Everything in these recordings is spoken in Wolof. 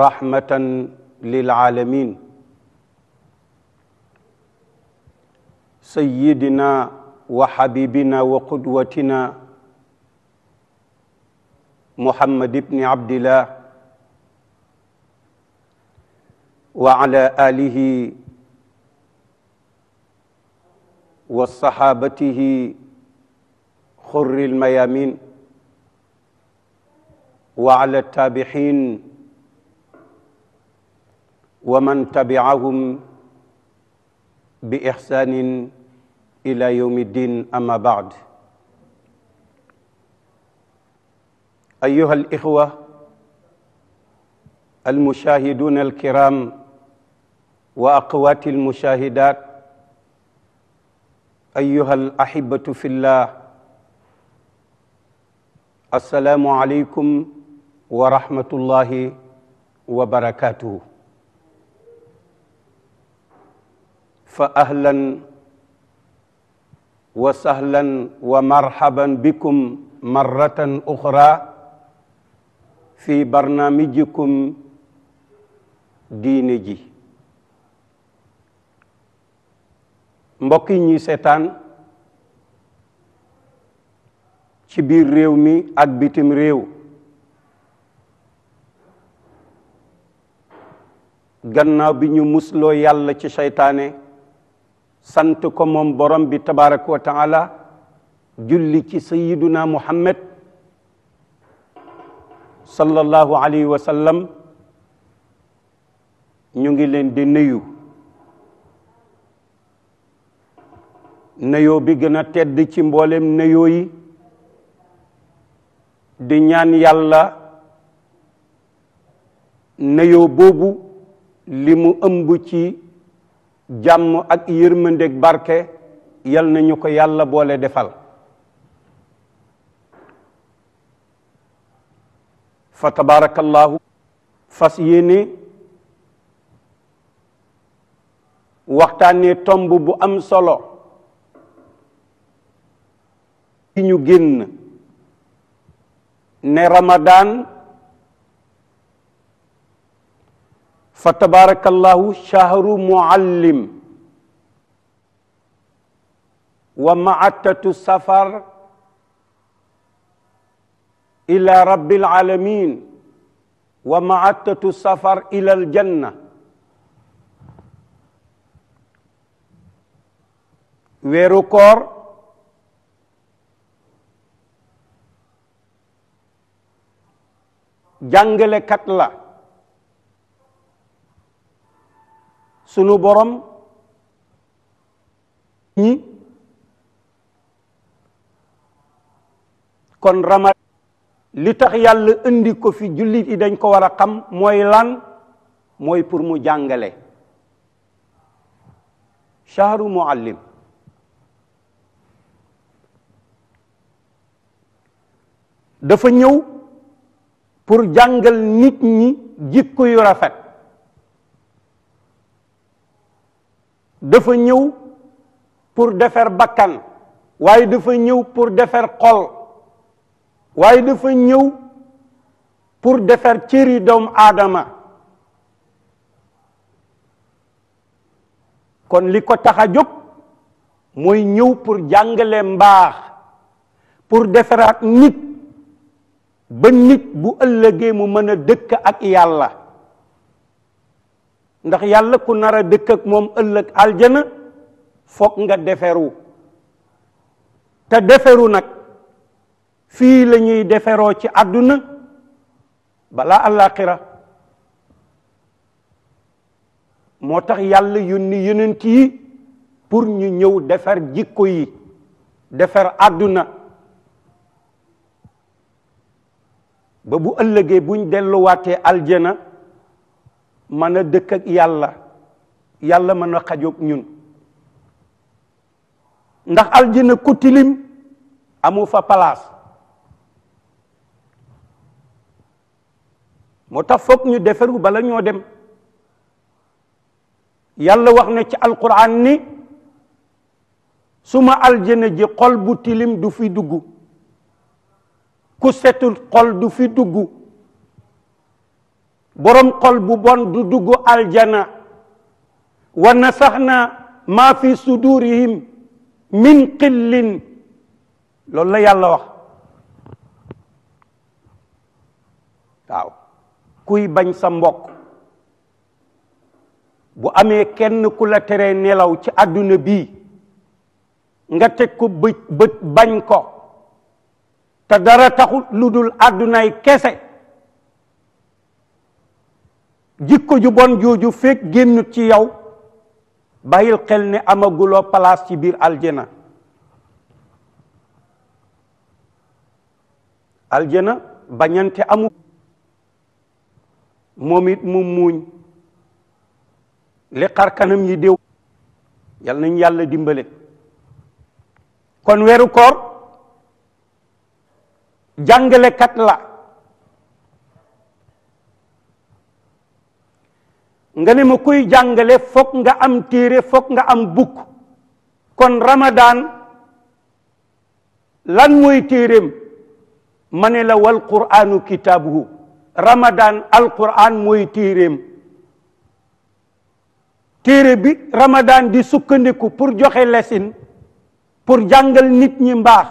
rahmatan lilalamin sayidina wa habibina wa qudwatina muhammad ibni abdillah wa ala alihi wa sahabatihi xurri lmayamin وعلى التابعين ومن تبعهم بإحسان إلى يوم الدين أما بعد أيها الإخوة المشاهدون الكرام وأقوات المشاهدات أيها الأحبة في الله السلام عليكم wa rahmatullahi wa barakatuhu fa ahlan wa sahlan wa marhaban bikum marratan uxra fi barnaamijikum diine ji mbokk yi seetaan ci biir réew mi ak bitim réew gannaaw bi ñu musloo yàlla ci seytaane sant ko moom borom bi tabaraka wa taala julli ci sayiduna muhammad sallallahu alayhi wa sallam ñu ngi leen di nuyu nuyoo bi gën a tedd ci mboolem nuyoo di ñaan yàlla nuyoo limu mu ëmb ci jàmm ak yërmandeeg barke yal na ñu ko yàlla boole defal fa tabarakallahu fas yéene waxtaanee tomb bu am solo ci ñu génn ne Ramadan fa tabarakallahu shahru muallim wa maatatu safar ila rabbil alamin wa maatatu safar ila aljanna weeru koor jàngalekat la sunu borom ñi kon rama li tax yàlla indi ko fi jullit yi dañ ko war a xam mooy lan mooy pour mu jàngale shahru muallim dafa ñëw pour jàngal nit ñi jikko yu rafet dafa ñëw pour defar bakkan waaye dafa ñëw pour defar xol waaye dafa ñëw pour defar cëri doomu aadama kon li ko tax a jóg mooy ñëw pour jàngale mbaax pour defaraat nit ba nit bu ëllëgee mu mën a dëkk ak yàlla ndax yàlla ku nar a dëkk ak moom ëllëg aljana foog nga deferu te deferu nag fii lañuy ñuy deferoo ci àdduna balaa àllaaxira moo tax yàlla yónni yonent yi pour ñu ñëw defar jikko yi defar àdduna ba bu ëllëgee buñ delluwaatee aljana mën a dëkk ak yàlla yàlla mën a xajoog ñun ndax aljina ku tilim amu fa palaas moo tax foog ñu defaru bala ñoo dem yàlla wax na ci alquran ni suma aljina ji kol butilim du fi dugg ku setul xol du fi dugg borom xol bu bon du dugg aljana wa nasaxna maa fi sudurihim min qillin loolu la yàlla wax waaw kuy bañ sa mbokk bu amee kenn ku la tere nelaw ci àdduna bii nga teg ko bët bët bañ ko te dara taxul lu dul àddunay kese jikko ju bon jooju fekk génnut ci yow bàyyil xel ne amaguloo palaas ci biir aljana aljana bañante amu moom it mu muuñ li xar kanam yi déw yal nañ yàlla dimbale kon weeru koor jàngalekat la nga ne ma kuy jàngale foog nga am téere foog nga am bukk kon ramadaan lan mooy téeréem ma ne la wal qur'aanu kitaabuhu ramadaan alqur'aan mooy téeréem téere bi ramadaan di sukkandiku pour joxe lesin pour jàngal nit ñi mbaax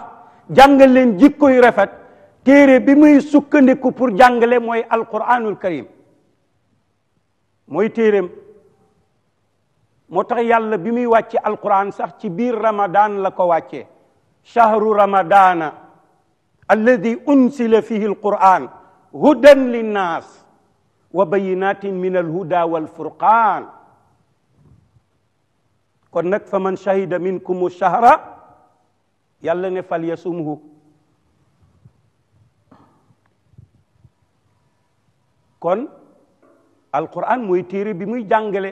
jàngal leen jikko yu rafet téere bi muy sukkandiku pour jàngale mooy alqur'aanul karim mooy téeréem moo tax yàlla bi muy wàcce alquran sax ci biir ramadan la ko wàccee shahru ramadana alladi unsila fihi alquran hudan linnas wa bayinatin min alhuda walfurqan kon nag fa man shahida minkum shahra yàlla ne fal yasumhu kon alquran mooy téere bi muy jàngale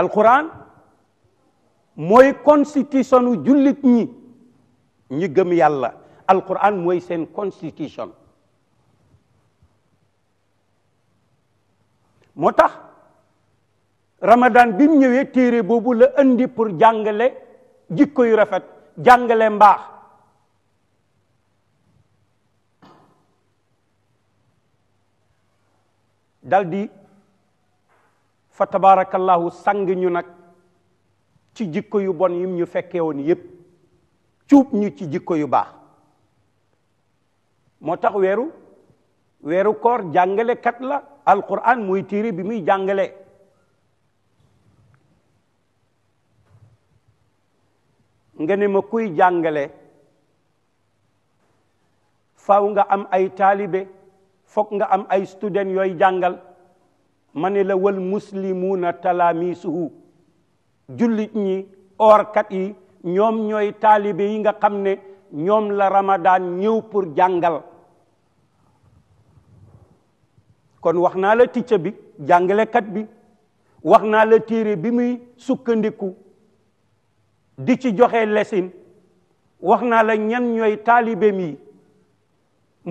alquran mooy constitutionu jullit ñi ñi gëm yàlla alquran mooy seen constitution moo tax ramadan bi mu ñëwee téere boobu la indi pour jàngale jikko yu rafet jàngale mbaax daldi di fa tabarakallahu sang ñu nag ci jikko yu bon yim ñu fekkee woon yépp cuub ñu ci jikko yu baax moo tax weeru weeru koor jàngalekat la alquran muy téere bi muy jàngale nga ne ma kuy jàngale faaw nga am ay taalibe foog nga am ay student yooy jàngal ma ne la wal muslimuuna talaamisuhu jullit ñi oorkat yi ñoom ñooy taalibe yi nga xam ne ñoom la ramadan ñëw pour jàngal kon wax naa la ticca bi jàngalekat bi wax naa la téere bi muy sukkandiku di ci joxe lesin wax naa la ñan ñooy taalibeem yi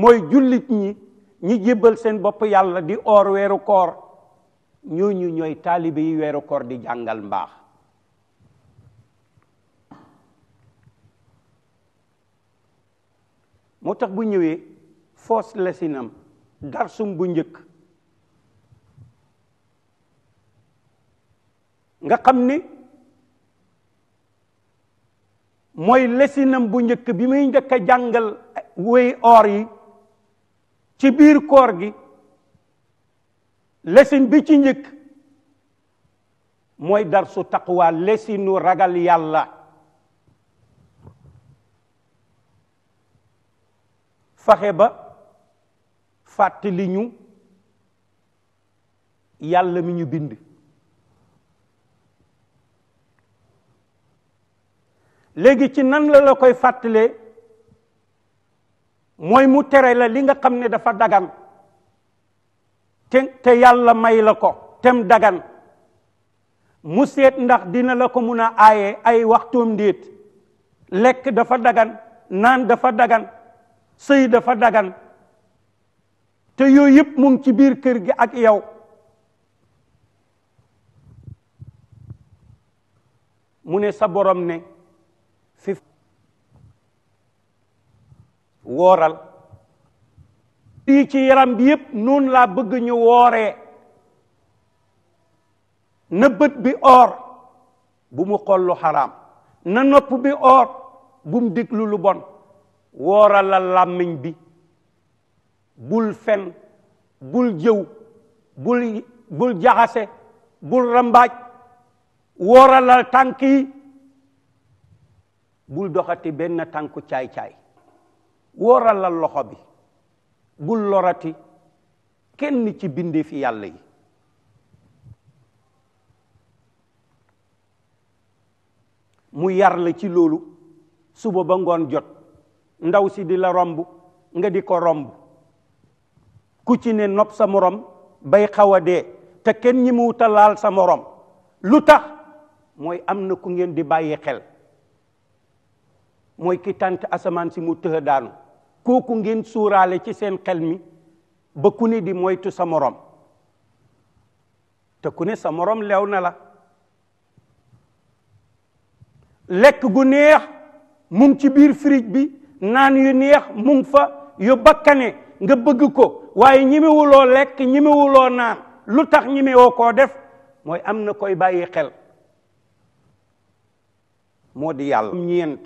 mooy jullit ñi ñi jébbal seen bopp yàlla di oor weeru koor ñooñu ñooy taalibe yi weeru koor di jàngal mbaax moo tax bu ñëwee foos lesinam darsum bu njëkk nga xam ni mooy lessinam bu njëkk bi muy njëkk a jàngal wéy or yi ci biir koor gi lesin bi ci njëkk mooy darsu taqwa lesinu ragal yàlla faxe ba fàttali yàlla mi ñu bind léegi ci nan la la koy fàttalee mooy mu tere la li nga xam ne dafa dagan te te yàlla may la ko tem dagan mu seet ndax dina la ko mun a aaye ay waxtuum ndéet lekk dafa dagan naan dafa dagan sëy dafa dagan te yooyu yëpp mu ngi ci biir kër gi ak yow mu ne sa borom ne wooral fii ci yaram bi yëpp noonu laa bëgg ñu wooree na bët bi oor bu mu xool lu na nopp bi oor bu mu lu bon wooral la làmmiñ bi bul fen bul jëw bul jaxase bul rambaaj wooral la tànk yi bul doxati benn tànku caay-caay wooralal loxo bi bul lorati kenn ci bindee fi yàlla yi mu yar la ci loolu suba ba ngoon jot ndaw si di la romb nga di ko romb ku ci ne nopp sa morom bay xaw a dee te kenn ñi mu talaal sa morom lu tax mooy am na ku ngeen di bàyyi xel mooy ki tànt asamaan si mu tëx daanu kooku ngeen suuraale ci seen xel mi ba ku ne di moytu sa morom te ku ne sa morom lew na la lekk gu neex mu ci biir frige bi naan yu neex mu ngi fa yu bakkane nga bëgg ko waaye ñimewuloo lekk ñimewuloo naan lu tax ñimewoo koo def mooy am na koy bàyyi xel moo di yàlla ñeent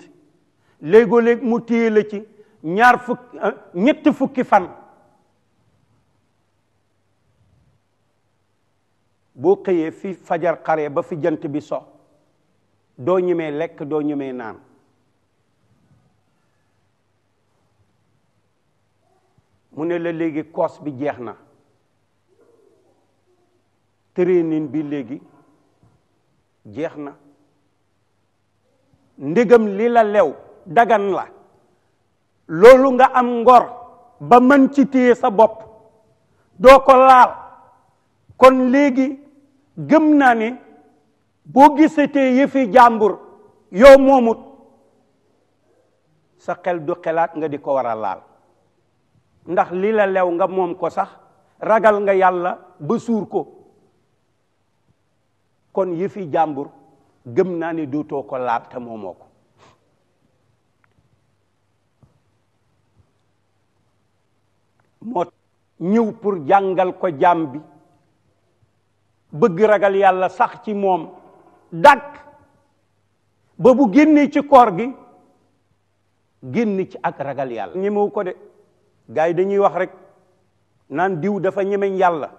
léegoo léeg mu téye la ci ñaar fukki euh, ñetti fukki fan boo xëyee fi fajar xare ba fi jant bi so doo ñemee lekk doo ñemee naan mu ne la léegi koos bi jeex na training bi léegi jeex na ndegam li la lew dagan la loolu nga am ngor ba mën ci téye sa bopp doo ko laal kon léegi gëm naa ni boo gisatee yëfi jàmbur yow moomut sa xel du xelaat nga di ko war a laal ndax li la lew nga moom ko sax ragal nga yàlla ba suur ko kon yëfi jàmbur gëm naa ni dootoo ko laal te moomoo moo ñëw pour jàngal ko jaam bi bëgg ragal yàlla sax ci moom dàkk ba bu ci koor gi génn ci ak ragal yàlla ñemewu ko de gars yi dañuy wax rek naan diw dafa ñemeñ yàlla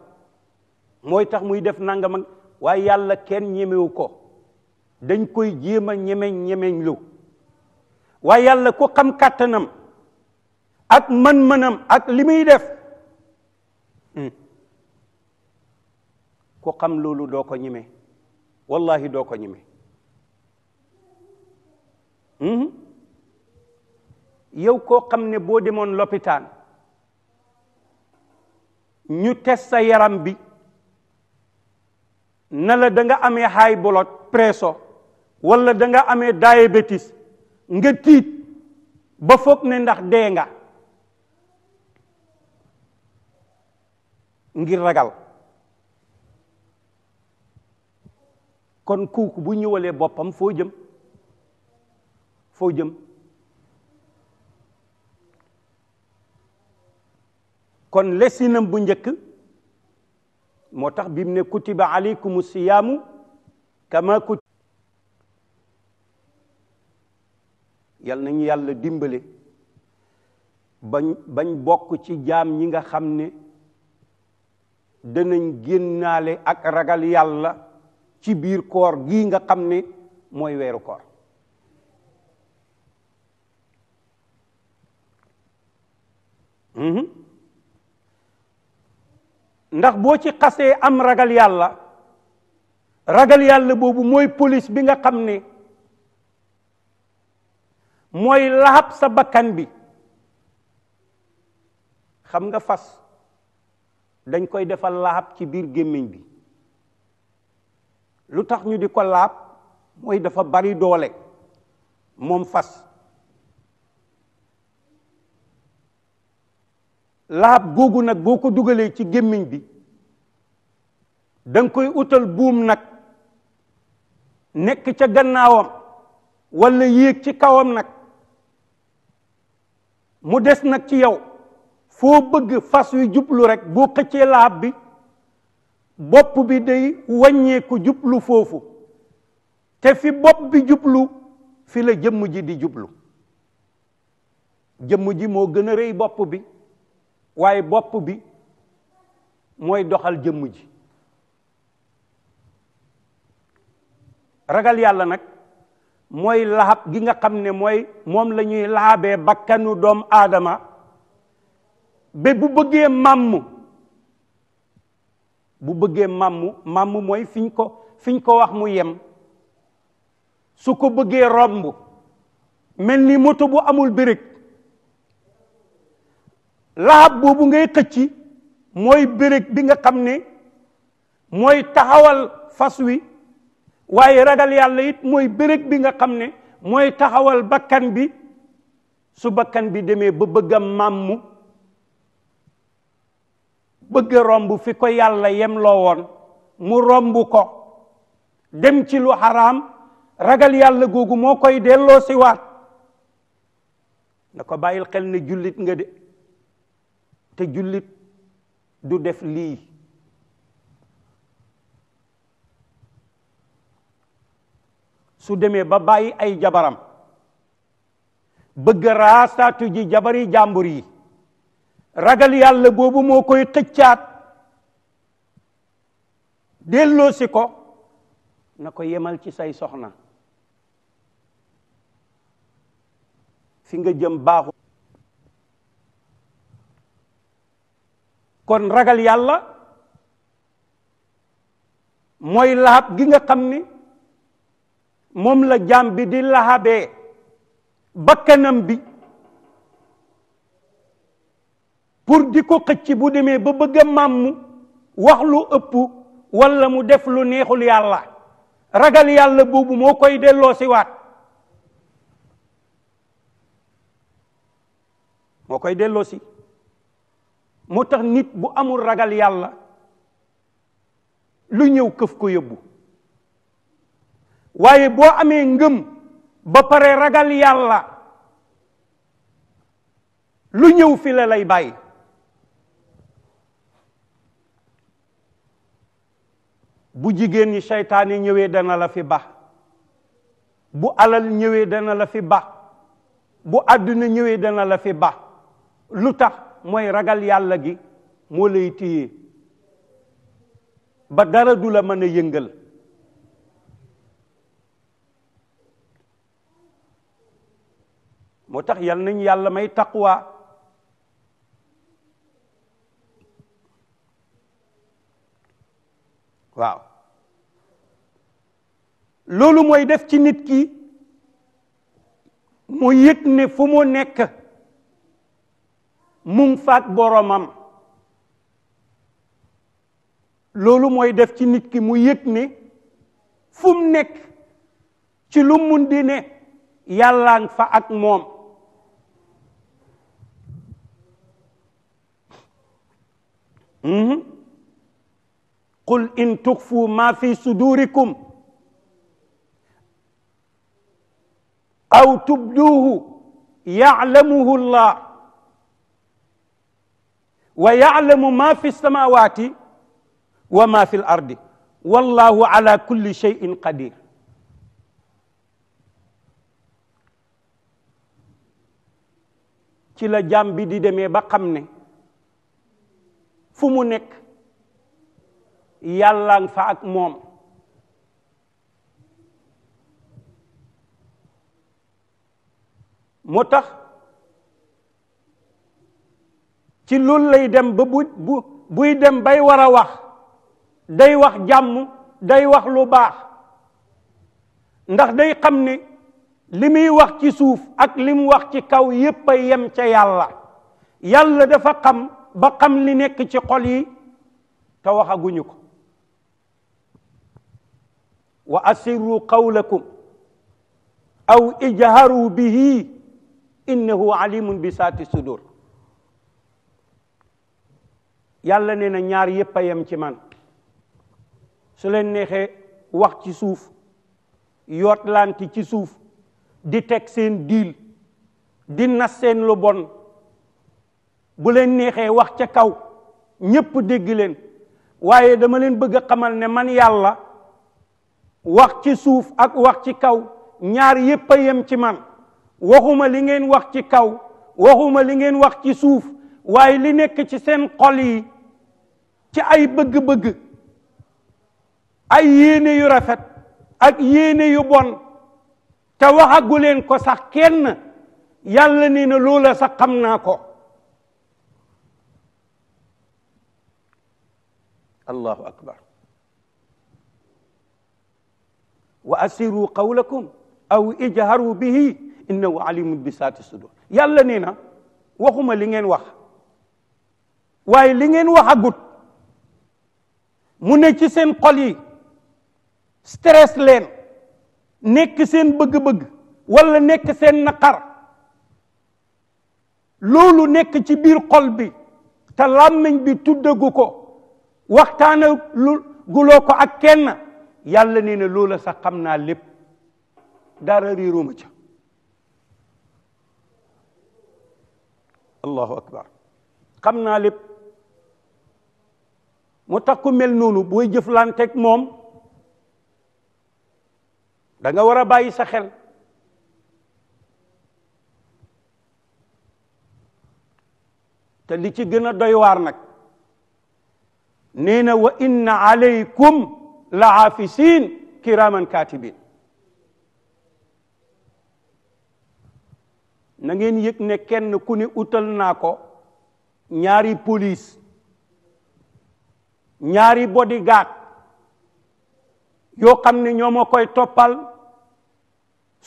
mooy tax muy def nangam ak waaye yàlla kenn ñemewu ko dañ koy jéem a ñemeñ ñemeñ lu waa yàlla ko xam kattanam ak man-manam ak li muy def hmm. ku loolu doo ko ñime wallahi doo ko ñime hmm? yow koo xam ne boo demoon lopitaan ñu test sa yaram bi nala danga da amee high blood pressure walla danga ame amee diabetes nga tiit ba foog ne ndax dee nga ngir ragal kon kooku bu ñëwalee boppam foo jëm foo jëm kon lesinam bu njëkk moo tax bi mu ne kutiba alaykum siyaamu kama kut yal nañu yàlla dimbale bañ bañ bokk ci jaam ñi nga xam ne danañ génnaale ak ragal yàlla ci biir koor gii nga xam ne mooy weeru koor mhm. ndax boo ci xasee am ragal yàlla ragal yàlla boobu mooy police bi nga xam ne mooy laxab sa bakkan bi xam nga fas dañ koy defal laab ci biir gémmiñ bi lu tax ñu di ko laab mooy dafa bari doole moom fas laab googu nag boo ko dugalee ci gémmiñ bi dang koy utal buum nag nekk ca gannaawam walla yéeg ci kawam nag mu des nag ci yow foo bëgg fas wi jublu rekk boo xëccee laab bi bopp bi day wàññeeku jublu foofu te fi bopp bi jublu fi la jëmm ji di jublu jëmm ji moo gën a rëy bopp bi waaye bopp bi mooy doxal jëmm ragal yàlla nag mooy laab gi nga xam ne mooy moom la laabee bakkanu doom aadama ba bu bëggee màmm bu bëggee màmm màmm mooy fiñ ko fiñ ko wax mu yem su ko bëggee romb mel ni moto bu amul bërëg laxab boobu ngay xëcci mooy birig bi nga xam ne mooy taxawal fas wi waaye ragal yàlla it mooy bërëg bi nga xam ne mooy taxawal bakkan bi su bakkan bi demee ba bëgg a bëgg a romb fi ko yàlla yem loo woon mu romb ko dem ci lu xaraam ragal yàlla googu moo koy delloo si waat na ko bàyyil xel na jullit nga de te jullit du def lii su demee ba bàyyi ay jabaram bëgg raasaatu ji jabari jàmbur yi ragal yàlla boobu moo koy xëccaat delloosi ko na ko yemal ci say soxna fi nga jëm baaxu kon ragal yàlla mooy laab gi nga xam ni moom la jaam bi di laabee bakkanam bi pour di ko xëcc bu demee ba bëgg a màmm wax lu ëpp wala mu def lu neexul yàlla ragal yàlla boobu moo koy delloo si waat moo koy delloo si moo tax nit bu amul ragal yàlla lu ñëw këf ko yóbbu waaye boo amee ngëm ba pare ragal yàlla lu ñëw fi la lay bàyyi bu jigéen ñi seytaan ñëwee dana la fi ba bu alal ñëwee dana la fi ba bu àdduna ñëwee dana la fi ba lu tax mooy ragal yàlla gi moo lay téye ba dara du la mën a yëngal moo tax yal nañ yàlla may taqwa waaw loolu mooy def ci nit ki mu yëg ne fu mu nekk mu ngi boromam loolu mooy def ci nit ki mu yëg ne fu nekk ci lu mun di ne yàllaa fa ak moom mm qul in tukfu ma fi sudurikum aw tubduuhu yalamuhu llah wa yalamu ma fi samawati wa ma fi l ardi wallahu ala kulli cheyin qadir ci la jàmm bi di demee ba xam ne fu mu nekk yàlla nga fa ak moom moo tax ci loolu lay dem ba bu buy dem bay war a wax day wax jàmm day wax lu baax ndax day xam ne li muy wax ci suuf ak li mu wax ci kaw yépp a yem ca yàlla yàlla dafa xam ba xam li nekk ci xol yi te waxaguñu ko wa asirru qawlakum aw ijharu bihi innahu alimun bi saati sudur yàlla nee na ñaar yépp a yem ci man su leen neexee wax ci suuf yootlanti ci suuf di teg seen diil di nas seen lu bon bu leen neexee wax ca kaw ñépp dégg leen waaye dama leen bëgg a xamal ne man yàlla wax ci suuf ak wax ci kaw ñaar yépp a yem ci man waxuma li ngeen wax ci kaw waxuma li ngeen wax ci suuf waaye li nekk ci seen xol yi ci ay bëgg-bëgg ay yéene yu rafet ak yéene yu bon te waxagu leen ko sax kenn yàlla nee na loola sax xam naa ko allahu wa asiru qawlakum aw ijharu bihi innahu alimun bi saati sudur yàlla nee na waxuma li ngeen wax waaye li ngeen wax agut mu ne ci seen xol yi stress leen nekk seen bëgg-bëgg wala nekk seen naqar loolu nekk ci biir xol bi te làmmiñ bi tuddagu ko waxtaana lu guloo ko ak kenn yàlla nee na loola sax xam naa lépp dara réeruma ca allahu akbar xam naa lépp mu tax ku mel noonu booy jëflanteeg moom danga war a bàyyi sa xel te li ci gën a doy waar nag nee na wa inna aleykum la xaafisin kiraman katibin na ngeen yëg ne kenn ku ne utal naa ko ñaari police ñaari bodyguard yoo xam ne ñoo koy toppal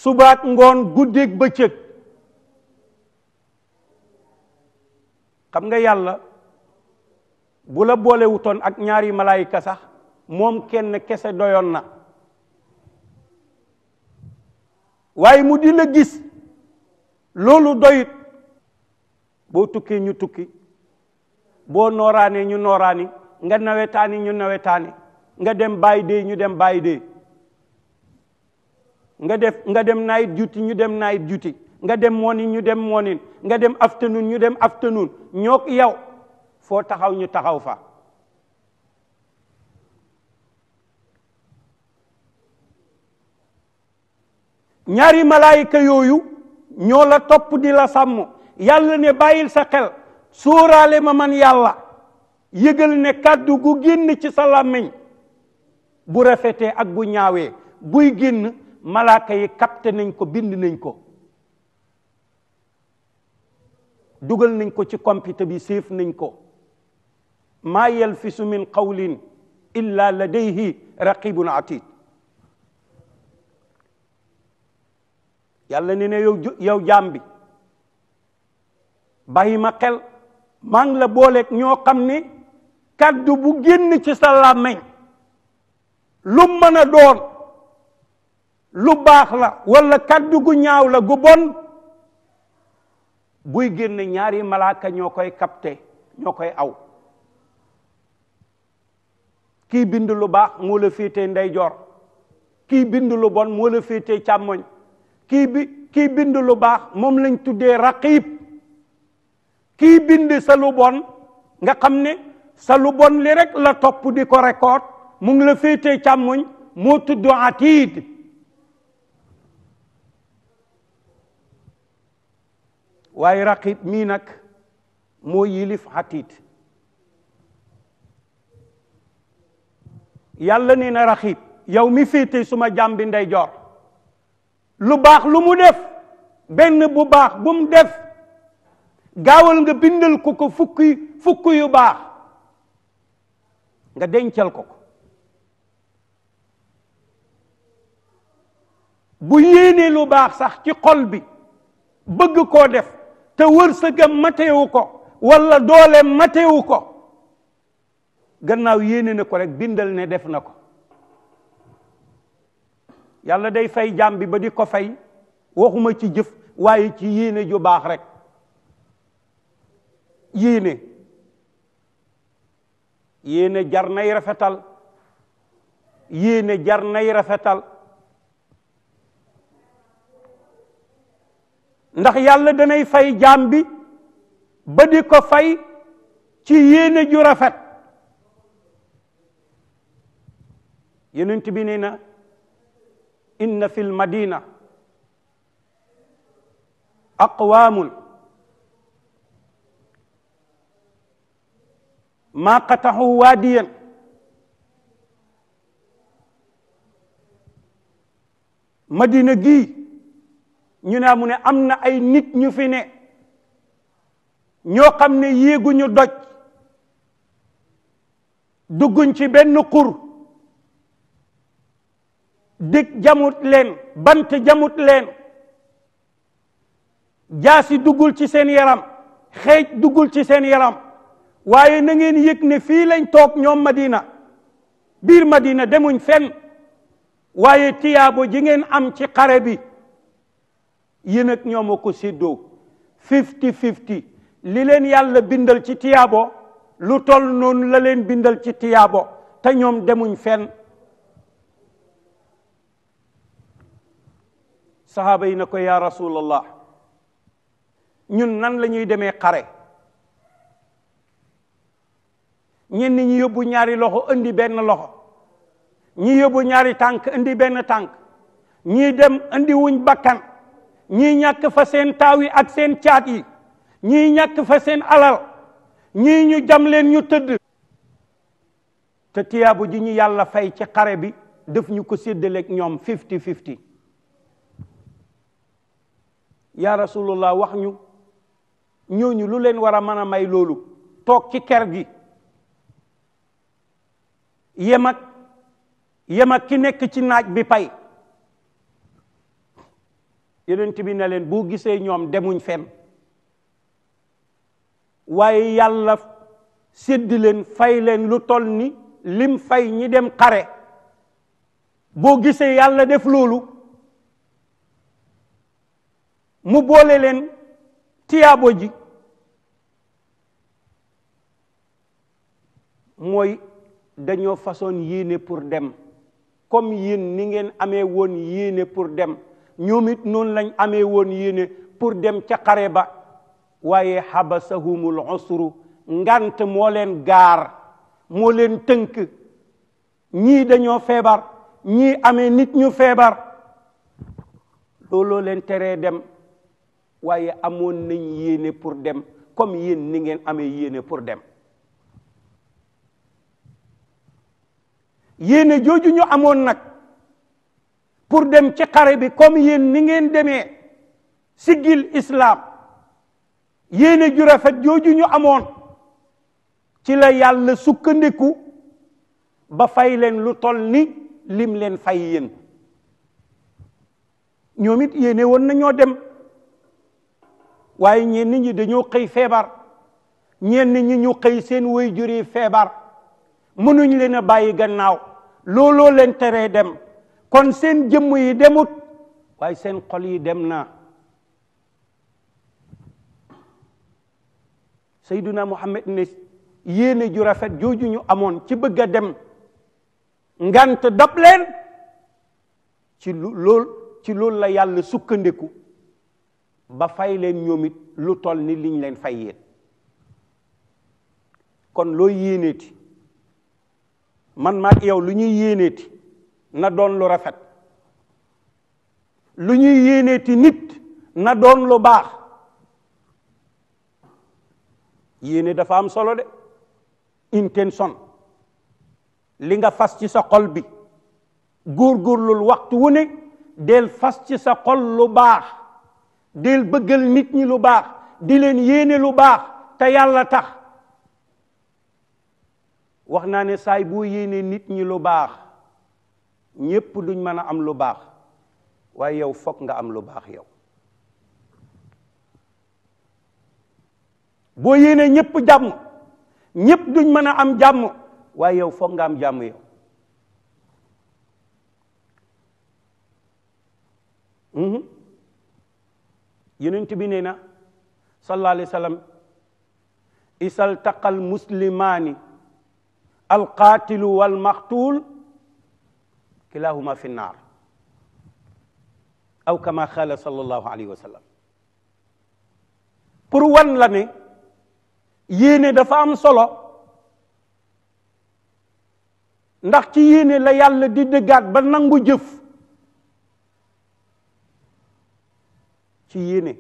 subaat ngoon guddeeg bëccëg xam nga yàlla bula la boolewutoon ak ñaari malaayika sax moom kenn kese doyoon na waaye mu di la gis loolu doyut boo tukkee ñu tukki boo nooraanee ñu nooraani nga nawetaani ñu nawetaani nga dem baay dee ñu dem baay dee nga def nga dem nay duty ñu dem night duty nga dem morning ñu dem morning nga dem afternoon ñu dem afternoon ñook yow foo taxaw ñu taxaw fa ñaari malaayika yooyu ñoo la topp di la sàmm yàlla ne bàyyil sa xel sóoraale ma man yàlla yëgal ne kàddu gu génn ci sa làmmiñ bu rafete ak bu ñaawee buy génn malaaka yi capté nañ ko bind nañ ko dugal nañ ko ci computer bi séef nañ ko maa yalfisu min qawlin illa ladayhi raqibun atid yàlla ne ne yow yow bi bàyyi ma xel maa la booleeg ñoo xam ne kaddu bu génn ci sa làmmiñ lu mën a doon lu baax la walla kaddu gu ñaaw la gu bon buy génn ñaari malaaka ñoo koy capté ñoo koy aw kii bind lu baax moo la féetee ndeyjoor kii bind lu bon moo la féetee càmmoñ kii bi kii bind lu baax moom lañ tuddee raqib kii bind sa lu bon nga xam ne sa lu bon li rek la topp di ko récolte mu ngi la féetee càmmuñ moo tudd atiid waaye raqib mii nag moo yilif atiid yàlla nee na raqib yow mi féetee suma jàmbi ndey joor lu baax lu mu def benn bu baax bu mu def gaawal nga bindal ko ko fukki fukk yu baax nga dencal ko ko bu yéenee lu baax sax ci xol bi bëgg koo def te wërsëgam matewu ko walla doole matewu ko gannaaw yéene na ko rek bindal ne def na ko yàlla day fay jaam bi ba di ko fay waxuma ci jëf waaye ci yéene ju baax rek yéene yéene jar yi rafetal yéene jar yi rafetal ndax yàlla danay fay jaam bi ba di ko fay ci yéene ju rafet yonent bi nee na inna fi lmadina aqwaamun maa qataxu waadiyan madina gii ñu naa mu ne am na ay nit ñu fi ne ñoo xam ne yéeguñu doj dugguñ ci benn kur dig jamut leen bant jamut leen jaasi duggul ci seen yaram xeej duggul ci seen yaram waaye na ngeen yëg ne fii lañ toog ñoom Madina biir Madina demuñ fen waaye tiyaabo ji ngeen am ci xare bi yéen ak ñoom a ko séddoo fifty fifty li leen yàlla bindal ci tiyaabo lu tol noonu la leen bindal ci tiyaabo te ñoom demuñ fenn sahaaba yi na ko yaa rasulallah ñun nan la ñuy demee xare ñenn ñi yóbbu ñaari loxo indi benn loxo ñi yóbbu ñaari tànk indi benn tànk ñii dem indi wuñ bakkan ñii ñàkk fa seen taaw ak seen caat yi ñii ñàkk fa seen alal ñii ñu jam leen ñu tëdd te tiyaabu ji ñu yàlla fay ci xare bi def ñu ko séddaleeg ñoom fifty fifty yaa rasulullah wax ñu ñooñu lu leen war a mën a may loolu toog ci ker gi yem ak ki nekk ci naaj bi pay yonent bi ne leen boo gisee ñoom demuñ fenn waaye yàlla sédd leen fay leen lu tol ni lim fay ñi dem xare boo gisee yàlla def loolu mu boole leen tiyaabo ji mooy dañoo façon yéene pour dem comme yéen ni ngeen amee woon yéene pour dem ñoom it noonu lañ ame woon yéene pour dem ca ba waaye xabasahumul usru ngant moo leen gaar moo leen tënk ñii dañoo feebar ñii ame nit ñu feebar looloo leen teree dem waaye amoon nañ yéene pour dem comme yéen ni ngeen amee yéene pour dem yéene jooju ñu amoon nag pour dem ci xare bi comme yéen ni ngeen demee siggil islaam yéene ju rafet jooju ñu amoon ci la yàlla sukkandiku ba fay leen lu toll ni lim leen fay yéen ñoom it yéene woon na ñoo dem waaye ñenn ñi dañoo xëy feebar ñenn ñi ñu xëy seen way yi feebar mënuñ leen a bàyyi gannaaw looloo leen tere dem kon seen jëmm yi demut waaye seen xol yi dem na Seyduna Muhammad ne yéene ju rafet jooju ñu amoon ci bëgg a dem ngant dab leen ci lool ci loolu la yàlla sukkandiku ba fay leen ñoom it lu toll ni liñ leen fay yéen kon loo yéeneeti man maag yow lu ñuy yéeneeti na doon lu rafet lu ñuy yéeneeti nit na doon lu baax yéene dafa am solo de intention li nga fas ci sa xol bi góorgóorlul waxtu wu ne del fas ci sa xol lu baax del bëggal nit ñi lu baax di leen yéene lu baax te yàlla tax wax naa ne saay boo yéenee nit ñi lu baax ñépp duñ mën a am lu baax waaye yow fokk nga am lu baax yow boo yéenee ñépp jàmm ñépp duñ mën a am jàmm waaye yow fokk nga am jàmm yow mhm. yonent bi nee na sallallahu alayhi wa sallam isal taqal muslimaani alqaatilu walmaqtuul kilahuma fi nnaar aw kama qaala sallallahu alayhi wa sallam wan la ne dafa am solo ndax ci yéene la yàlla di dëggaat ba nangu jëf ci yéene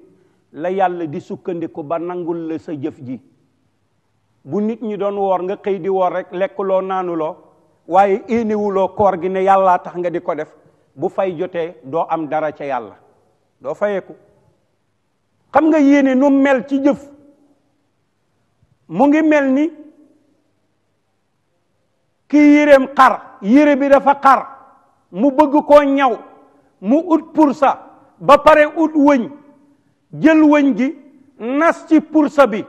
la yàlla di sukkandiku ba nangul la sa jëf ji bu nit ñi doon woor nga xëy di woor rek lekkuloo naanuloo waaye éenewuloo koor gi ne yàllaa tax nga di ko def bu fay jotee doo am dara ca yàlla doo fayeku xam nga yéene nu mel ci jëf mu ngi mel ni kii yéreem xar yére bi dafa xar mu bëgg koo ñaw mu ut pour ba pare ut wëñ jël wëñ gi nas ci pursa bi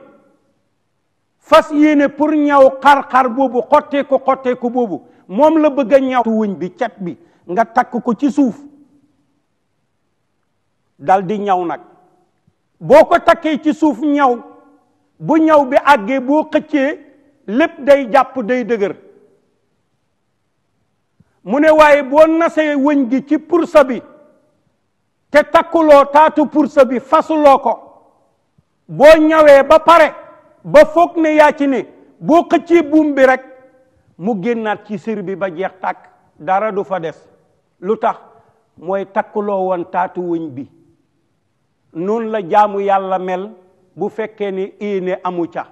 fas yéene pour ñaw xar-xar boobu xotteeku xotteeku boobu moom la bëgg a ñaw wëñ bi cat bi nga takk ko ci suuf daldi ñaw nag boo ko takkee ci suuf ñaw bu ñaw bi àggee boo xëccee lépp day jàpp day dëgër mu ne waaye boo nasee wëñ gi ci pursa bi te takkuloo taatu poursa bi fasuloo ko boo ñawee ba pare ba foog ne yaa ci ne boo xëccee buum bi rek mu génnaat ci sér bi ba jeex tàkk dara du fa des lu tax mooy takkuloo woon taatu wëñ bi noonu la jaamu yàlla mel bu fekkee ne iine amu ca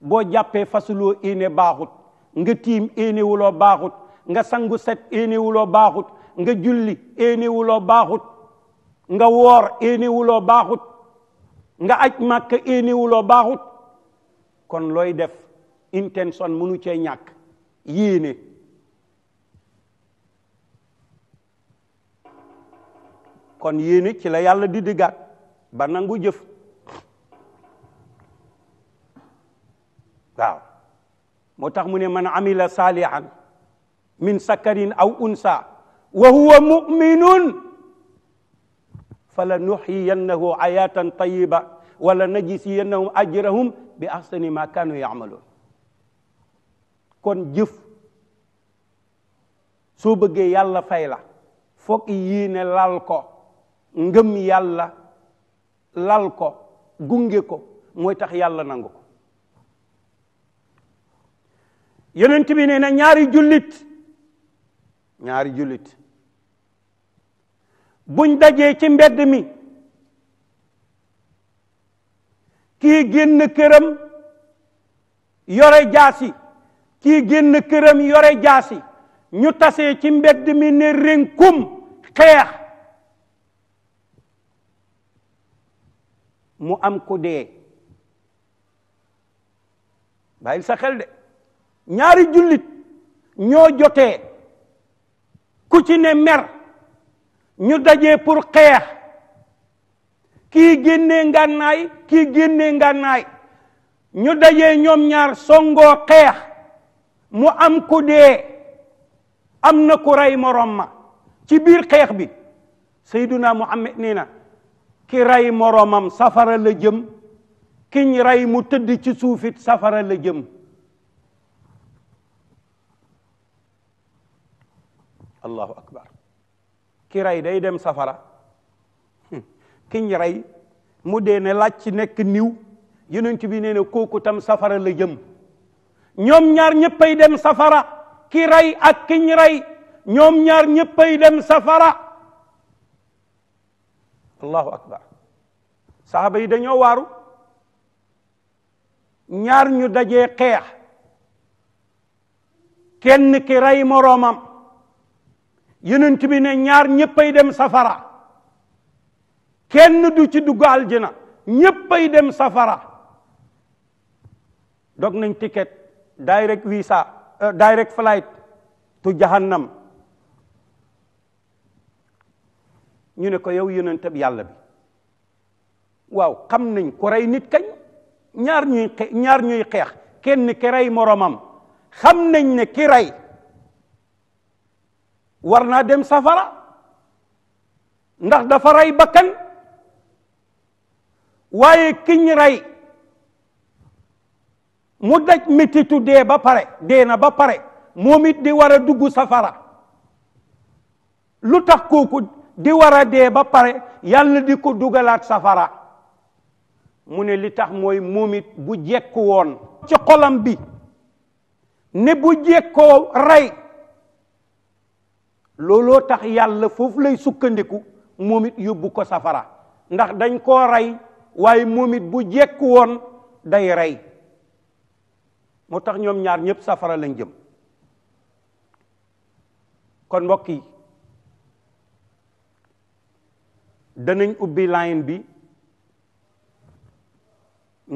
boo jàppee fasuloo iine baaxut nga tiim iine wuloo baaxut nga sangu set iine baaxut nga julli éenewuloo baaxut nga woor éenewuloo baaxut nga aj màkk éenewuloo baaxut kon looy def intention mënu cee ñàkk yéene kon yéene ci la yàlla di diggaat ba nangu jëf waaw moo tax mu ne man amila salihan min sakarin aw unsa wa huwa muminun fala nuxyiyannahu xayatan tayiba wala najisiyannahum ajrahum bi axsani ma kaanu yaamaloon kon jëf soo bëggee yàlla fay la foog yéene lal ko ngëm yàlla ko gunge ko mooy tax yàlla nangu yenen yonent bi nee na jullit ñaari jullit buñ dajee ci mbedd mi kii génn këram yore jaasi kii génn këram yore jaasi ñu tasee ci mbedd mi ne rénkum xeex mu am ku dee bàyyil sa xel de ñaari jullit ñoo jotee ku ci ne mer ñu dajee pour xeex kii génnee ngànnaay kii génnee ngànnaay ñu dajee ñoom ñaar songoo xeex mu am ku dee am na ku rey morom ma ci biir xeex bi sayduna muhammad nee na ki rey moromam safara la jëm kiñ rey mu tëdd ci suufit safara la jëm allahu ki rey day dem safara hmm. kiñ mu dee ne laaj ci nekk niw yonent bi nee na kooku tam safara la jëm ñoom ñaar dem safara ki rey ak kiñ rey ñoom ñaar ñëppay dem safara allahu akbar saxaaba yi dañoo waaru ñaar ñu daje xeex kenn ki rey yonent bi ne ñaar ñëppay dem safara kenn du ci dugg aljina ñëppay dem safara dog nañ ticket direct visa euh, direct flight tu jahannam ñu ne ko yow yonent bi yàlla bi waaw xam nañ nit kañ ñaar ñuy ñaar ñuy xeex kenn ki rey moroomam xam nañ ne ki rey war naa dem safara ndax dafa rey bakkan waaye kiñ rey mu daj métitu dee ba pare dee na ba pare moom di war a safara lu tax kooku di war dee ba pare yàlla di ko dugalaat safara mu ne li tax mooy moom bu jekku woon ci xolam bi ne bu jekkoo rey looloo tax yàlla foofu lay sukkandiku moom it yóbbu ko safara ndax dañ koo rey waaye moom it bu jekk woon day rey moo tax ñoom ñaar ñëpp safara lañ jëm kon mbokk yi danañ ubbi line bi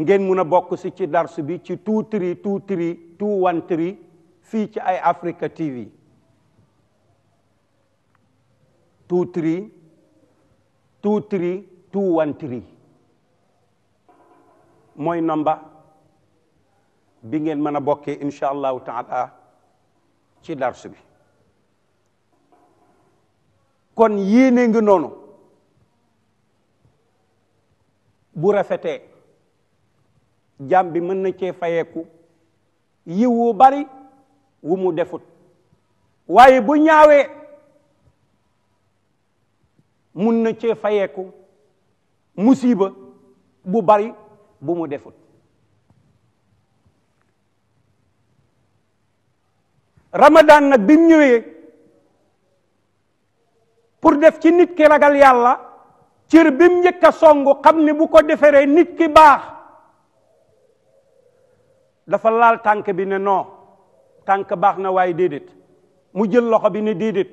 ngeen mun a bokk si ci dars bi ci two three two three two one three fii ci ay Africa TV two three two three two one three mooy nomba bi ngeen mën a bokkee incha allahu taala ci darsu bi kon yéene ngi noonu bu rafete jàmm bi mën na cee fayeeku yiw bari wu mu defut waaye bu ñaawee mun na cee fayeeku musiba bu bari bu mu defut ramadan nag bi mu ñëwee pour def ci nit ki ragal yàlla cër bi mu njëkk a songu xam ne bu ko defaree nit ki baax dafa laal tànk bi ne non tànk baax na waaye déedéet mu jël loxo bi ne déedéet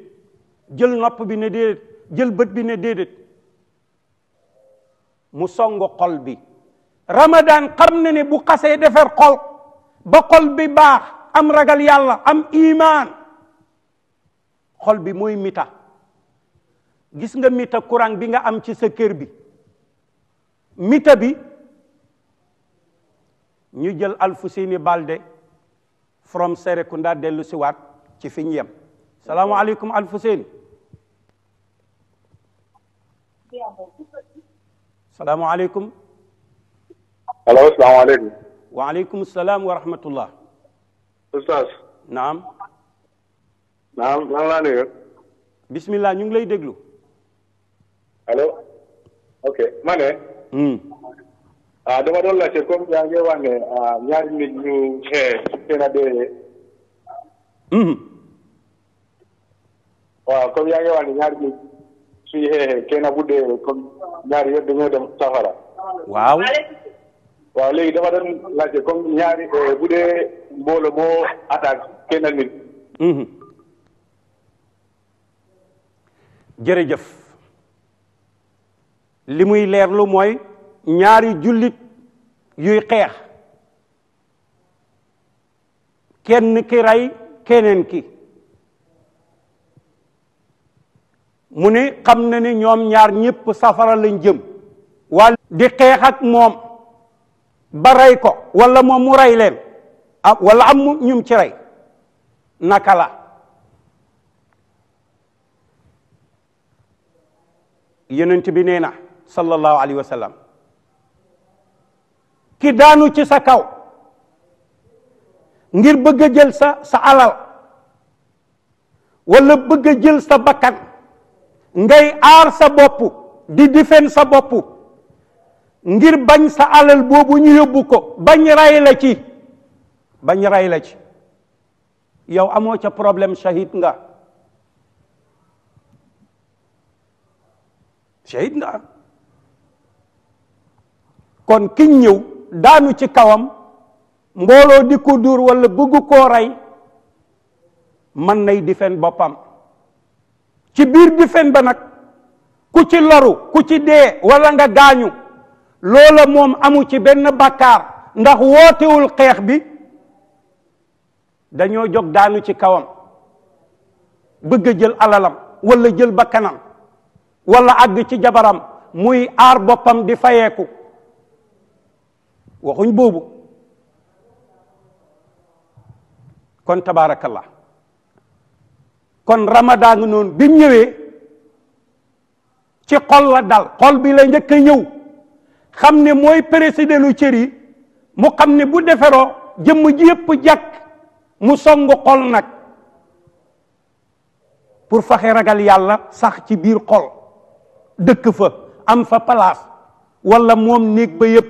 jël nopp bi ne déedéet jël bët bi ne déedéet mu song xol bi ramadan xam na ne bu xasee defar xol ba xol bi baax am ragal yàlla am imaan xol bi mooy mita gis nga mita courant bi nga am ci sa kër bi mita bi ñu jël Alfousseyni Balde from Serekunda dellu siwaat ci fi ñu yem salaamaaleykum Alfousseyni salaamaaleykum. allo salaamaaleykum. waaleykum salaam wa rahmatullah. oustaz. naam. naam lan laa nuyu. bismillah ñu ngi lay déglu. allo. ok ma ne. Hmm. ah dama doon laajte comme yaa ngi wax ne ah, ñaari nit ñu seen a dee. Hmm. yaa ngi wax ne ñaari suñu xeexee kenn bu ñaari yëpp dem safara. waaw. waaw léegi dafa doon laajte comme ñaari eh, bu dee mbooloo moo attaque kenn nit. Mhm. jërëjëf li muy leerlu mooy ñaari jullit yuy xeex kenn ki keneen ki mu ni xam na ni ñoom ñaar ñëpp safara lañ jëm wala di xeex moom ba rey ko wala moom mu rey leen ah wala am mu ñum ci rey naka la yonent bi nee na sallallahu alayhi wa ki daanu ci sa kaw ngir bëgg a jël sa alal wala bëgg a jël sa bakkan ngay aar sa bopp di difen sa bopp ngir bañ sa alal boobu ñu yóbbu ko bañ ray la ci bañ ray la ci yow amoo ca problème shahid nga shahid nga kon kiñ ñëw daanu ci kawam mbooloo di ko dóor walla bëgg koo rey mën nay difen boppam ci biir bi fen ba ku ci loru ku ci dee wala nga gaañu loola moom amu ci benn bakkaar ndax wootewul xeex bi dañoo jog daanu ci kawam bëgga jël alalam walla jël bakkanam wala àgg ci jabaram muy aar boppam di fayeeku waxuñ boobu kon tabaarakallah kon ramadan nga noonu bi ñëwee ci xol la dal xol bi la njëkk ñëw xam ne mooy président lu cër yi mu xam ne bu deferoo jëmm ji yépp jàkk mu song xol nag pour faxe ragal yàlla sax ci biir xol dëkk fa am fa palaas walla moom néeg ba yëpp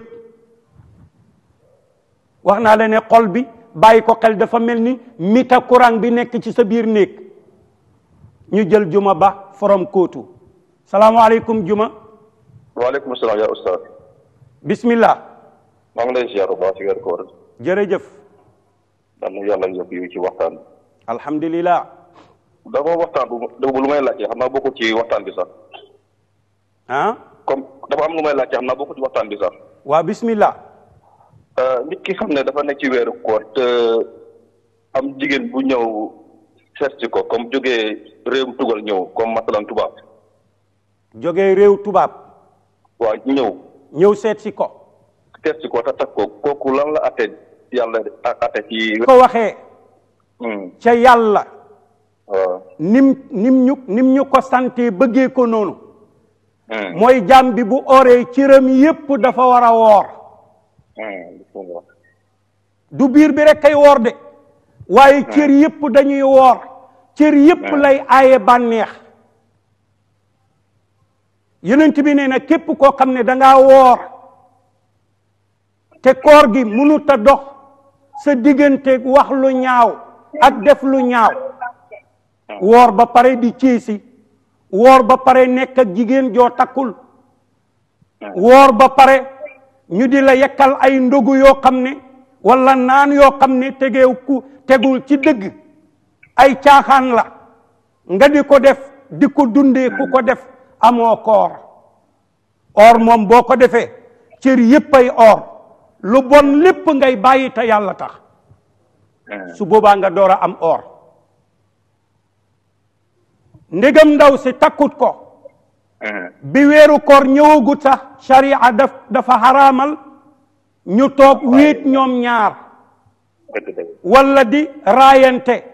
wax naa la ne xol bi bàyyi ko xel dafa mel ni mita courant bi nekk ci sa biir néeg ñu jël juma ba forom kóotu salaamaaleykum juma. waaleykum salaam yaa ustaz. bismillah. maa ngi lay ziar bu ci weer koor. jërëjëf. daal mu yàlla yokk yi ci waxtaan. alhamdulilah. dafa waxtaan lu may laajte ci waxtaan bi sax. ah. comme dafa am lu may laajte xam naa bokkul ci waxtaan bi sax. waa bismillah. Euh, nit ki xam ne dafa nekk ci weeru koor te am jigéen bu ñëw. seet ko comme jógee réew tugal ñëw comme masalan tubaab. jógee réew tubaab. waaw ñëw. ñëw seet si ko. seet si ko te takk ko kooku lan la atte yàlla atte ci. ko waxee. Hmm. ca yàlla. waaw nim nim ñu nim ñu ko sante bëggee ko noonu. Hmm. mooy jaam bi bu oree cëram yépp dafa war a woor. Hmm, du biir bi rek kay woor de. waaye cër yépp dañuy woor. cër yépp lay aaye bànneex yonent bi nee na képp koo xam ne danga woor te koor gi mënut a dox sa diggante wax lu ñaaw ak def lu ñaaw woor ba pare di ciisi woor ba pare nekk ak jigéen joo takkul woor ba pare ñu di la yekkal ay ndogu yoo xam ne wala naan yoo xam ne tegeew ku tegul ci dëgg ay caaxaan la nga di ko def di ko dundee ku ko def amoo koor or moom boo ko defee cër yépp ay or lu bon lépp ngay bàyyi te yàlla tax eh. su boobaa nga door am or ndegam ndaw si takkut ko eh. bi weeru koor ñëwagut sax sharia dafa xaraamal ñu toog wéet ñoom ñaar walla di raayante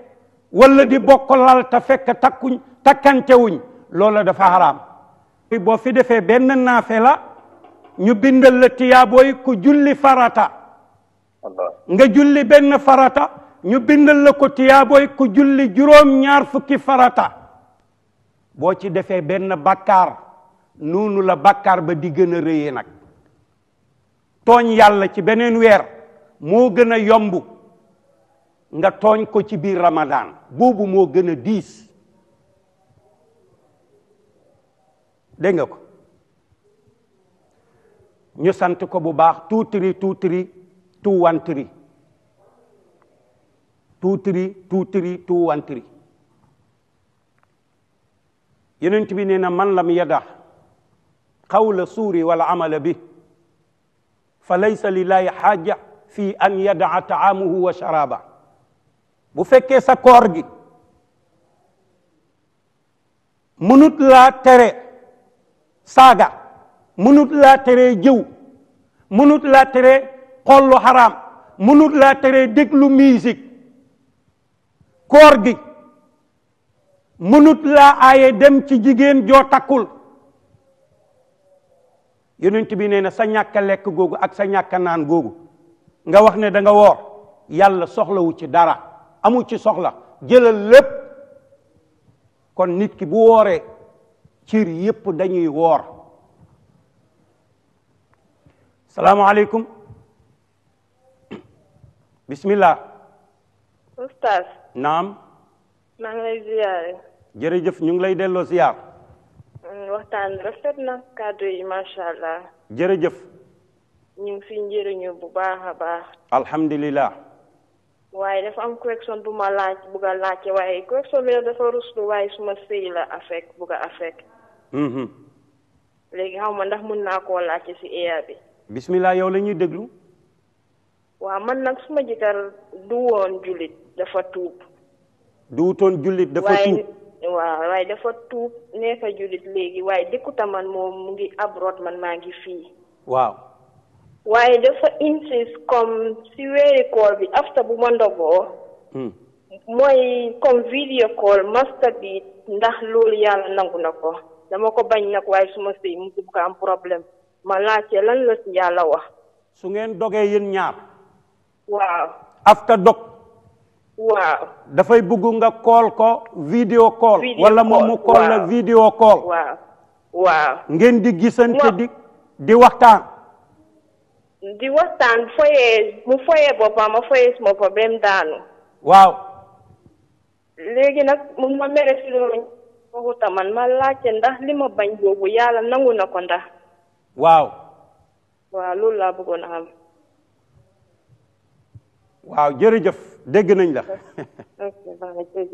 wala di bokk lal fekk takkuñ takkantewuñ loola dafa xaraam boo fi defee benn naafe la ñu bindal la tiyaabooy ku julli farata nga julli benn farata ñu bindal la ko tiyaabooy ku julli juróom ñaar fukki farata boo ci defee benn bakkaar noonu la bakkaar ba di gën a rëyee nag tooñ yàlla ci beneen weer moo gën a yomb nga tooñ ko ci biir Ramadan buubu moo gën a diis dégg nga ko ñu sant ko bu baax tuutiri tuutiri tuwantiri tuutiri tuutiri tuwantiri bi nee na man lam yada qawla suuri wal amala bi fa laysa lillahi xaaja fi an yadaa taamuhu wa sharaba bu fekkee sa koor gi mënut laa tere saaga mënut laa tere jëw mënut laa tere xool lu xaraam laa tere déglu musique koor gi mënut laa aaye dem ci jigéen joo takkul yonent bi nee na sa ñàkk lekk googu ak sa ñàkk naan googu nga wax ne da nga woor yàlla soxlawu ci dara amu ci soxla jëlal lépp kon nit ki bu wooree cir yépp dañuy woor salaamaaleykum bismillah oustaz naam maa ngi lay ziyaare jërëjëf ñu ngi lay delloo ziyaar mm, waxtaan rafet na kàddu yi macha allah jërëjëf ñu ngi fi njëriñu bu baax a baax alhamdulillah waaye dafa am correction bu ma laaj bugg waaye correction bi dafa ruslu waaye suma sëy la affect bugg affect mm-hmm. léegi xaw ma ndax mun naa koo laajte si eya bi bismillah yow la ñuy déglu waaw man nag suma jëkkër du woon jullit dafa tuub du wutoon jullit dafa tuub waaye dafa tuub nekka jullit léegi waaye dëkku taman moom mu ngi abroad man maa ngi fii waaw waaye dafa insiste comme si weeri koor bi after bu ma ndogoo hmm. mooy comme video call masturbate ndax loolu yàlla nangu na ko dama ko bañ nag waaye su ma sëy mu bugg am problème ma laajte lan la yàlla wax su ngeen dogee yéen ñaar waaw after dog waaw dafay bugg nga call ko video call wala moom mu call la video call waaw ngeen di gisante di di waxtaan di waxtaan foyee mu foyee boppam ma foyee suma problème daanu. waaw. léegi nag mu ma mere si loolu boobu taman ma ndax li ma bañ boobu yàlla nangu na ko ndax. waaw. waaw loolu laa bëggoon a xam. waaw jërëjëf dégg nañ la.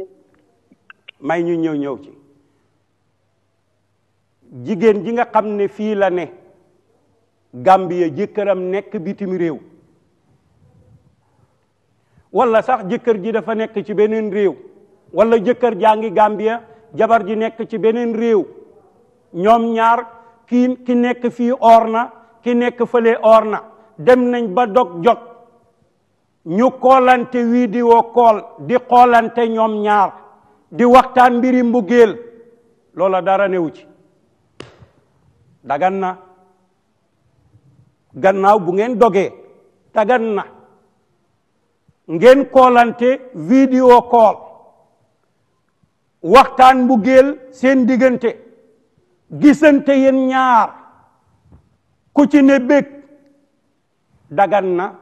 may ñu ñëw ñëw ci. jigéen ji nga xam ne fii la ne. Gambie jëkkëram nekk bitim réew wala sax jëkkër ji dafa nekk ci beneen réew wala jëkkër jaa ngi Gambie jabar ji nekk ci beneen réew ñoom ñaar ki ki nekk fii or na ki nekk fële or na dem nañ ba dog jot ñu koolante vidéo call di xoolante ñoom ñaar di waxtaan mbiri mbugéel loola dara newu ci dagan gannaaw bu ngeen dogee tagan na ngeen koolante vidéo call waxtaan mbugeel seen diggante gisante yéen ñaar ku ci ne bég dagan na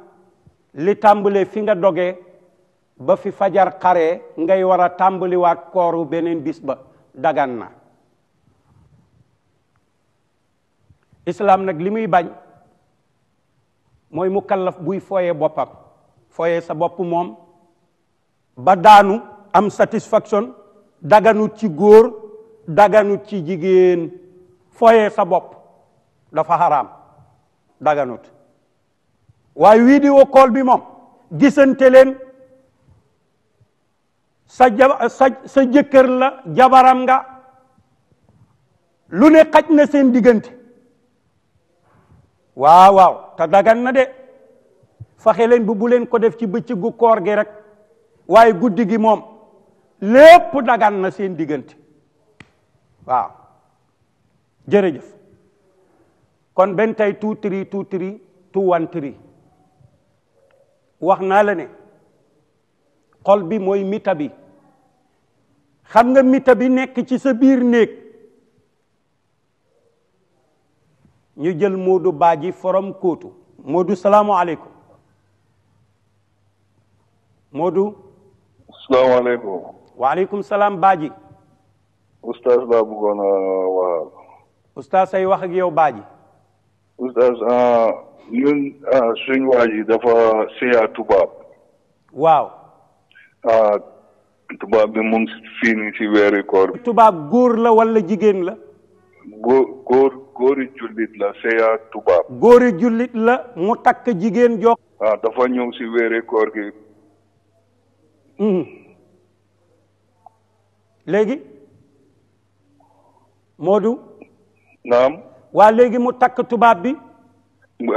li tàmbale fi nga dogee ba fi fajar xare ngay wara a tàmbaliwaat kooru beneen bis ba dagan na islam nag limuy bañ mooy mu kallaf buy fooyee boppam fooyee sa boppu moom ba daanu am satisfaction daganut ci góor daganut ci jigéen fooyee sa bopp dafa xaraam daganut waaye di call bi moom gisante leen sa sa jëkkër la jabaram nga lu ne xaj na seen diggante waaw waaw te dagan na de faxe leen bu bu ko def ci bëccëgu koor gi rek waaye guddi gi moom lépp dagan na seen diggante waaw jërëjëf kon benn tey two three two three two one three wax naa la ne xol bi mooy mita bi xam nga mita bi nekk ci sa biir néeg ñu jël Moodu Baaji forom kootu Moodu salaamualeykum Moodu. salaamualeykum. waaleykum salaam Baaji. oustaz laa bëggoon a waxal. ay wax ak yow Baaji. oustaz ah, ñun ah, suñu waa dafa seeyaa tubaab. waaw. Ah, tubaab bi mu ngi fii nii ci koor tubaab góor la wala jigéen la. góor góori jullit la seya tubaab. góori jullit la mu takk jigéen jox. ah dafa ñëw si wéere koor gi. Hmm. léegi. Modou. naam. waa léegi mu takk tubaab bi.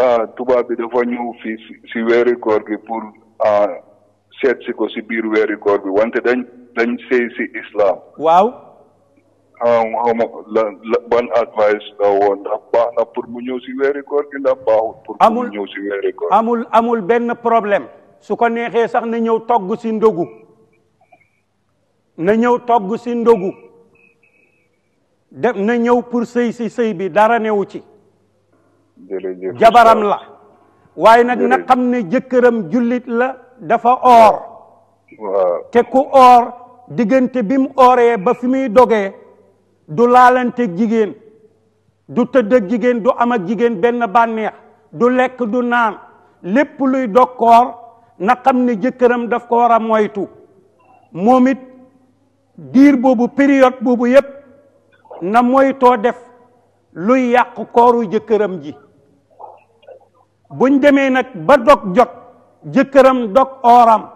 ah tubaab bi dafa ñëw fii si weeri koor gi pour ah seet si ko si biir weeri koor bi wante dañ dañ sëy si islam. waaw. am xaw ma lan amul benn problème su ko neexee sax na ñëw togg si ndogu na ñëw togg si ndogu dem na ñëw pour sëy si sëy bi dara newu ci jabaram la waaye nag na xam ne jëkkëram jullit la dafa oor te ku oor diggante bi mu ooree ba fi muy dogee du laalante jigéen du tëdd ak jigéen du am ak jigéen benn bànneex du lekk du naan lépp luy dog koor na xam ne jëkkëram daf ko war a moytu moom it diir boobu période boobu yépp na moytoo def luy yàq kooru jëkkëram ji buñ demee nag ba dog jot jëkkëram dog ooram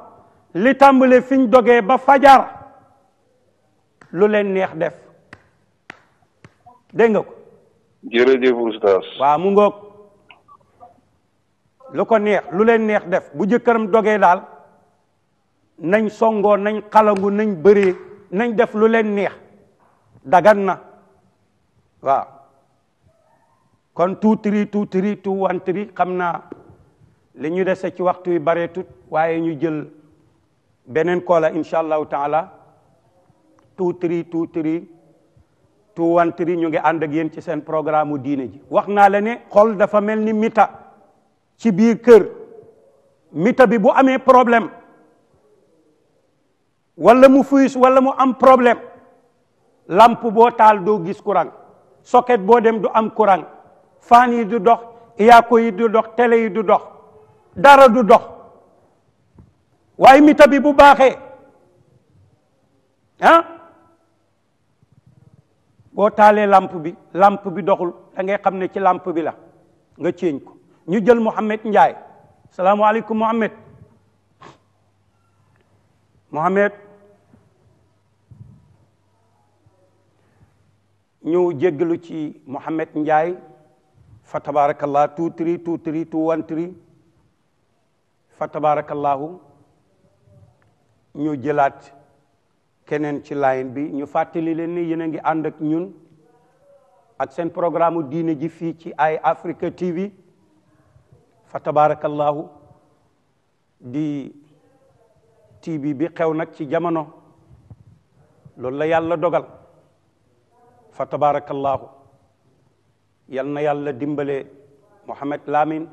li tàmbale fiñ dogee ba fajar lu leen neex def dégg nga ko. jërëjëf mu ngoog lu ko neex lu leen neex def bu jëkkëram dogee daal nañ songoo nañ xalangu nañ bëree nañ def lu leen neex dagan na waaw kon two three two three two one three xam naa li ñu dese ci waxtu yi bareetut waaye ñu jël beneen koola incha allahu taala two tuwantiri ñu ngi ànd ak yéen ci seen programme mu diine ji wax naa la ne xol dafa mel ni mita ci biir kër mita bi bu amee problème wala mu fuus wala mu am problème lamp boo taal doo gis courant socket boo dem du am courant fan yi du dox yaako yi du dox télé yi du dox dara du dox waaye mita bi bu baaxee ah boo taalee lamp bi lamp bi doxul da ngay xam ne ci lamp bi la nga ceeñ ko ñu jël njaay Ndiaye salaamaaleykum Mouhamed Mouhamed ñu jéggalu ci Mouhamed Ndiaye fa tabarakallah two three two three two one three fa tabarakallahu ñu jëlaat keneen ci line bi ñu fàttali leen ni yéen a ngi ànd ak ñun ak seen programme diine ji fii ci ay Africa TV fa tabarakallahu di TV bi xew nag ci jamono loolu la yàlla dogal fa tabarakallahu yal na yàlla dimbale Mohamed lamin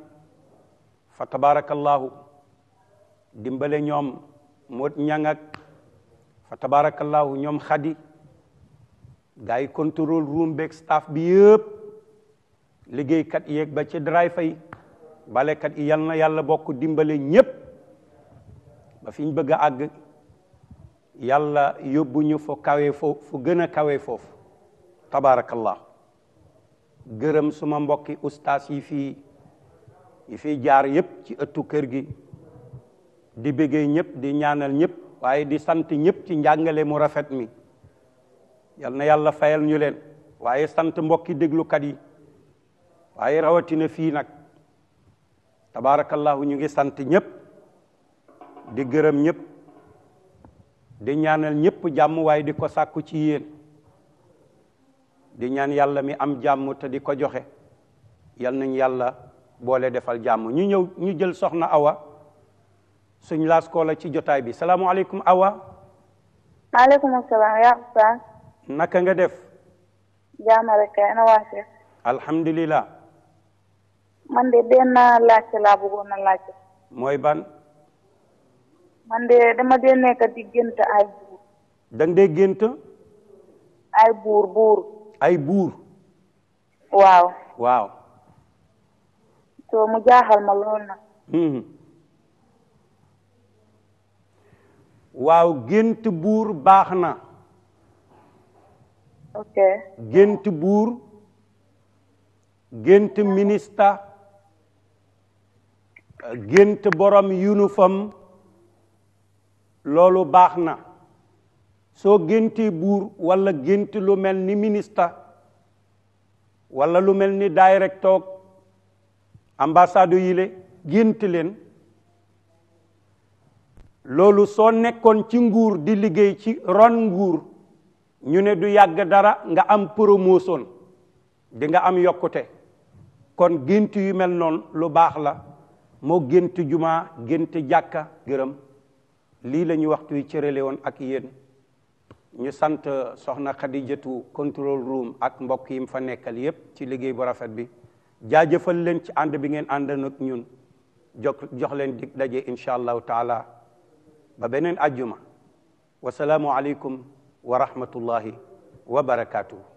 fa tabarakallahu dimbale ñoom moot ñang ak fa tabaarakallaahu ñoom xadi gars yi contrôle room beeg staff bi yëpp liggéeykat yeeg ba ci drive yi balekat yi yal na yàlla bokk dimbale ñépp ba fi ñu bëgg a àgg yàlla yóbbu ñu fo kawe foofu fu gën a foofu tabaarakallah gërëm suma mbokki ustaas yi fii yi fii jaar yépp ci ëttu kër gi di bëggee ñépp di ñaanal ñépp waaye di sant ñëpp ci njàngale mu rafet mi yal na yàlla fayal ñu leen waaye sant mbokki déglukat yi waaye rawatina fii nag tabaarakallahu ñu ngi sant ñëpp di gërëm ñépp di ñaanal ñëpp jàmm waaye di ko sàkku ci yéen di ñaan yàlla mi am jàmm te di ko joxe yal nañ yàlla boole defal jàmm ñu ñëw ñu jël soxna Awa suñ laas koo la ci jotaay bi salaamualeykum Awa. maaleykum salaam yaa nga def. jaam alhamdulilah. man de benn laajte laa bëggoon na laajte. buur. da nga waaw. waaw. so mu jaaxal ma lool na. Hmm. waaw gént buur baax na. ok gént buur gént ministre gént borom uniforme loolu baax na soo géntee buur walla gént lu mel ni minista walla lu mel ni directeur ambassade yi le gént leen loolu soo nekkoon ci nguur di liggéey ci ron nguur ñu ne du yàgg dara nga am promotion di nga am yokkute kon gént yu mel noon lu baax la moo gént jumaa gént jàkka gërëm lii la ñu waxtu yi cërale woon ak yéen ñu sant soxna Xadijatu control room ak mbokk yi mu fa nekkal yépp ci liggéey bu rafet bi jaajëfal leen ci ànd bi ngeen ànd nag ñun jox jox leen dig daje incha allahu taala ba beneen ajjuma wasalaamu aleykum wa rahmatullahi wa barakaatuhu